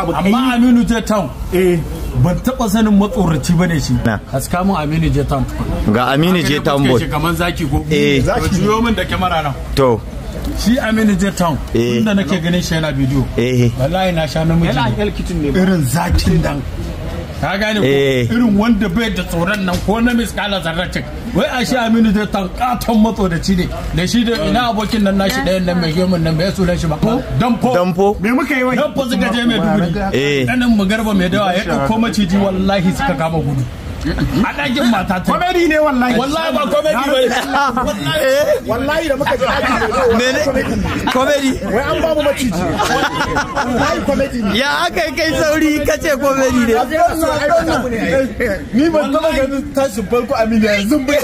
abu amma Aminu Je Town eh ban taba sanin matsoraci bane shi haska mun Aminu Je Town ga Aminu J Town boy kaman zaki ko eh zaki yo min da kamera nan to shi aminu j town inda nake ganin shi yana bidiyo eh. wallahi na sha namiji yana alkitin ne irin zakin dan. ka gane ko eh. irin wanda bai da tsoron nan ko na miskala zarratin wai a shi aminu zai tankaton matsodaci ne da shi da ina abokin nan nashi ɗayan nan mai gemun nan mai sunan shi ba danfo danfo me muka yi wai danfo suka je mai eh nan mu garba mai dawa ya ɗauko maciji wallahi suka kama gudu a ɗakin mata ta komedi ne wallahi wallahi ba komedi ba eh. wallahi da muka ji ne. mene komedi wai an babu maciji wallahi komedi ne ya aka yi kai sauri ka ce komedi ne ni ba taɓa ganin tashin farko amina yanzu ba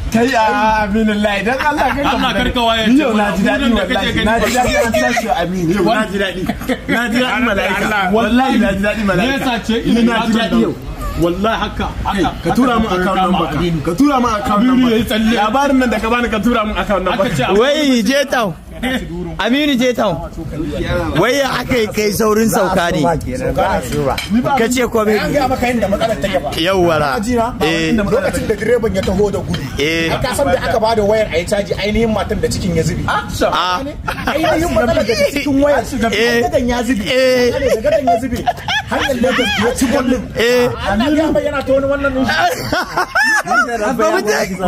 kai a ah, aminin lai dan Allah ka Allah karkawa ya ce na ji daɗi wallahi na ji daɗi an tashi amin yau na ji dadi na ji daɗi malaika wallahi na ji dadi malaika yasa ce ina na ji dadi yau wallahi haka ka tura mu account number ka ka tura mu account number labarin nan da ka bani ka tura mu account number wai je tawo Aminu je town. Wai ya aka yi kai saurin sauka ne. Ka ce komai. An ga maka yadda matsalar take ba. Yawwara. Eh. Lokacin da direban ya taho da gudu. Eh. san da aka bada wayar a yi caji ainihin matan da cikin ya zubi. Ah. Ainihin da cikin wayar. Eh. Gadan ya eh. Gadan ya zubi. hanyar lagos ya ci eh. ta ka eh.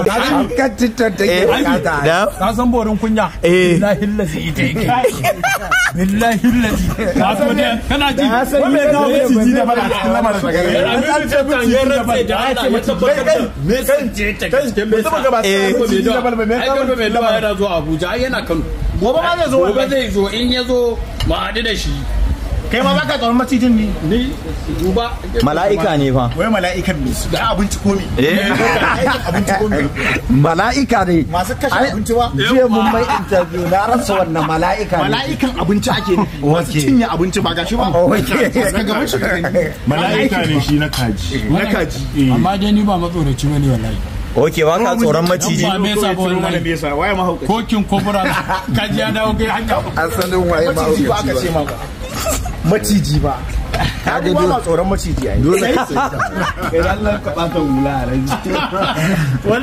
eh. da ce ce ce ta gobe ma zo zai zo in ya zo ma haɗu da shi kai ma baka tsoron masjidin ni ni duba mala'ika ne fa wai mala'ikan ne da abinci komi eh abinci komi mala'ika ne masu kashe abinci ba jiya mun mai interview na rasa wannan mala'ika ne mala'ikan abinci ake nufi masu cinye abinci ba gashi ba ka ga mun shi mala'ika ne shi na kaji na kaji eh. amma dai ni ba matsoraci bane wallahi ok wa ka tsoron maciji ba me yasa ba wannan waye mahaukaci kokin kobura kaji ya dawo kai hanya asalin waye mahaukaci ba ka ce ma maciji ba ka ga tsoron maciji dole sai ka hula a rai